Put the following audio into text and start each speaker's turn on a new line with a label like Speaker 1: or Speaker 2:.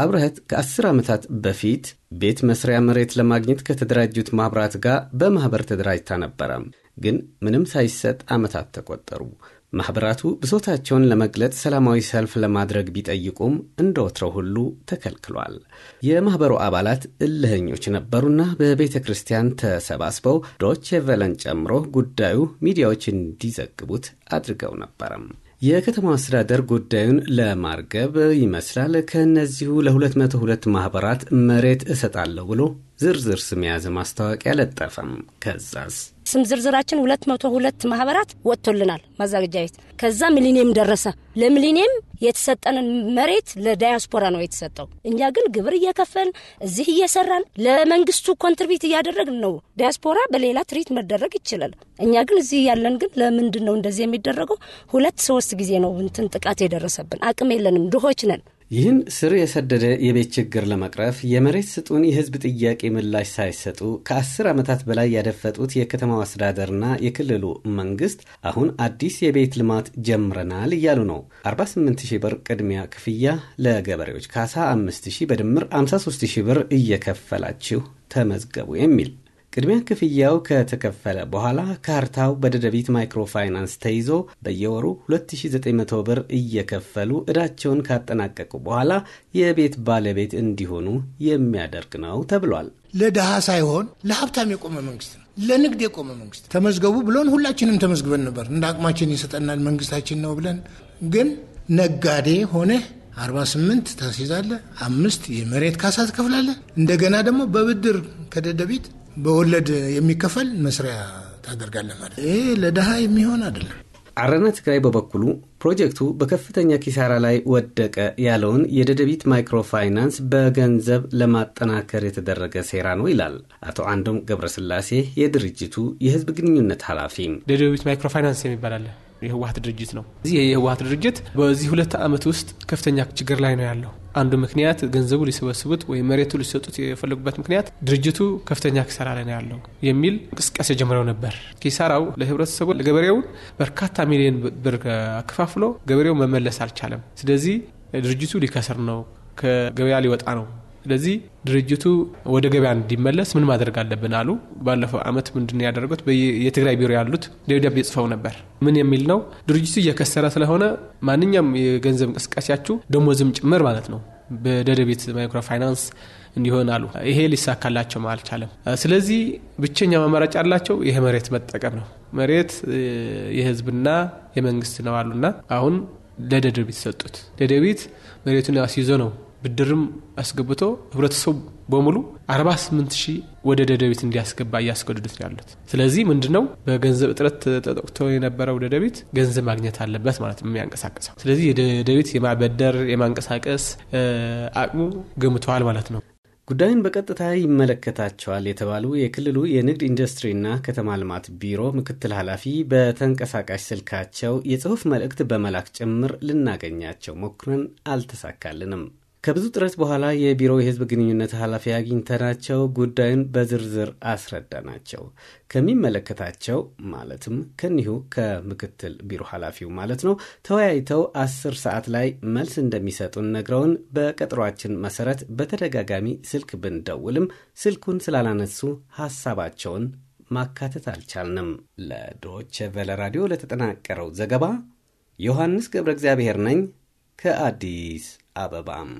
Speaker 1: አብረህት ከአስር ዓመታት በፊት ቤት መስሪያ መሬት ለማግኘት ከተደራጁት ማኅበራት ጋር በማኅበር ተደራጅታ ነበረ። ግን ምንም ሳይሰጥ ዓመታት ተቆጠሩ። ማኅበራቱ ብሶታቸውን ለመግለጽ ሰላማዊ ሰልፍ ለማድረግ ቢጠይቁም እንደ ወትረው ሁሉ ተከልክሏል። የማኅበሩ አባላት እልህኞች ነበሩና በቤተ ክርስቲያን ተሰባስበው ዶቼ ቬለን ጨምሮ ጉዳዩ ሚዲያዎች እንዲዘግቡት አድርገው ነበረም። የከተማ አስተዳደር ጉዳዩን ለማርገብ ይመስላል ከእነዚሁ ለ202 ማኅበራት መሬት እሰጣለሁ ብሎ ዝርዝር ስም የያዘ ማስታወቂያ ለጠፈም። ከዛስ
Speaker 2: ስም ዝርዝራችን ሁለት መቶ ሁለት ማህበራት ወጥቶልናል ማዘጋጃ ቤት። ከዛ ሚሊኒየም ደረሰ። ለሚሊኒየም የተሰጠንን መሬት ለዳያስፖራ ነው የተሰጠው። እኛ ግን ግብር እየከፈልን እዚህ እየሰራን ለመንግስቱ ኮንትሪቢት እያደረግን ነው። ዳያስፖራ በሌላ ትሪት መደረግ ይችላል። እኛ ግን እዚህ ያለን ግን ለምንድን ነው እንደዚህ የሚደረገው? ሁለት ሶስት ጊዜ ነው እንትን ጥቃት የደረሰብን። አቅም የለንም፣ ድሆች ነን።
Speaker 1: ይህን ስር የሰደደ የቤት ችግር ለመቅረፍ የመሬት ስጡን የህዝብ ጥያቄ ምላሽ ሳይሰጡ ከአስር ዓመታት በላይ ያደፈጡት የከተማው አስተዳደርና የክልሉ መንግስት አሁን አዲስ የቤት ልማት ጀምረናል እያሉ ነው። 48000 ብር ቅድሚያ ክፍያ ለገበሬዎች ካሳ 5 በድምር 53 ብር እየከፈላችሁ ተመዝገቡ የሚል ቅድሚያ ክፍያው ከተከፈለ በኋላ ካርታው በደደቢት ማይክሮፋይናንስ ተይዞ በየወሩ 2900 ብር እየከፈሉ ዕዳቸውን ካጠናቀቁ በኋላ የቤት ባለቤት እንዲሆኑ የሚያደርግ ነው ተብሏል።
Speaker 3: ለድሃ ሳይሆን ለሀብታም የቆመ መንግስት ነው። ለንግድ የቆመ መንግስት ተመዝገቡ ብሎን ሁላችንም ተመዝግበን ነበር። እንደ አቅማችን ይሰጠናል መንግስታችን ነው ብለን ግን ነጋዴ ሆነ 48 ታስይዛለህ፣ አምስት የመሬት ካሳ ትከፍላለ። እንደገና ደግሞ በብድር ከደደቢት በወለድ የሚከፈል መስሪያ ታደርጋለህ ማለት ይሄ ለድሃ የሚሆን አይደለም። አረና ትግራይ
Speaker 1: በበኩሉ ፕሮጀክቱ በከፍተኛ ኪሳራ ላይ ወደቀ ያለውን የደደቢት ማይክሮፋይናንስ በገንዘብ ለማጠናከር የተደረገ ሴራ ነው ይላል አቶ አንዶም ገብረስላሴ የድርጅቱ የህዝብ ግንኙነት
Speaker 3: ኃላፊ። ደደቢት ማይክሮፋይናንስ የሚባል አለ የህወሀት ድርጅት ነው። እዚህ የህወሀት ድርጅት በዚህ ሁለት ዓመት ውስጥ ከፍተኛ ችግር ላይ ነው ያለው። አንዱ ምክንያት ገንዘቡ ሊሰበስቡት ወይም መሬቱ ሊሰጡት የፈለጉበት ምክንያት ድርጅቱ ከፍተኛ ኪሳራ ላይ ነው ያለው የሚል እንቅስቃሴ ጀምረው ነበር። ኪሳራው ለህብረተሰቡ ለገበሬውን በርካታ ሚሊዮን ብር አከፋፍሎ ገበሬው መመለስ አልቻለም። ስለዚህ ድርጅቱ ሊከስር ነው፣ ከገበያ ሊወጣ ነው ስለዚህ ድርጅቱ ወደ ገበያ እንዲመለስ ምን ማድረግ አለብን አሉ። ባለፈው ዓመት ምንድን ያደረጉት የትግራይ ቢሮ ያሉት ደብዳቤ ጽፈው ነበር። ምን የሚል ነው? ድርጅቱ እየከሰረ ስለሆነ ማንኛውም የገንዘብ እንቅስቃሴያችሁ ደሞዝም ጭምር ማለት ነው በደደቤት ማይክሮ ፋይናንስ እንዲሆን አሉ። ይሄ ሊሳካላቸው አልቻለም። ስለዚህ ብቸኛ አማራጭ ያላቸው ይሄ መሬት መጠቀም ነው። መሬት የህዝብና የመንግስት ነው አሉና አሁን ለደደቢት ሰጡት። ደደቢት መሬቱን አስይዞ ነው ብድርም አስገብቶ ህብረተሰቡ በሙሉ 48 ሺህ ወደ ደደቢት እንዲያስገባ እያስገድዱት ነው ያሉት። ስለዚህ ምንድነው በገንዘብ እጥረት ተጠቅቶ የነበረው ደደቢት ገንዘብ ማግኘት አለበት ማለት የሚያንቀሳቀሰው። ስለዚህ የደደቢት የማበደር የማንቀሳቀስ አቅሙ ገምተዋል ማለት ነው።
Speaker 1: ጉዳዩን በቀጥታ ይመለከታቸዋል የተባሉ የክልሉ የንግድ ኢንዱስትሪና ከተማ ልማት ቢሮ ምክትል ኃላፊ በተንቀሳቃሽ ስልካቸው የጽሑፍ መልእክት በመላክ ጭምር ልናገኛቸው ሞክረን አልተሳካልንም። ከብዙ ጥረት በኋላ የቢሮ የህዝብ ግንኙነት ኃላፊ አግኝተናቸው ጉዳዩን በዝርዝር አስረዳናቸው። ከሚመለከታቸው ማለትም ከኒሁ ከምክትል ቢሮ ኃላፊው ማለት ነው ተወያይተው አስር ሰዓት ላይ መልስ እንደሚሰጡን ነግረውን በቀጠሯችን መሰረት በተደጋጋሚ ስልክ ብንደውልም ስልኩን ስላላነሱ ሐሳባቸውን ማካተት አልቻልንም። ለዶቼ ቬለ ራዲዮ ለተጠናቀረው ዘገባ
Speaker 3: ዮሐንስ ገብረ እግዚአብሔር ነኝ። ከአዲስ አበባም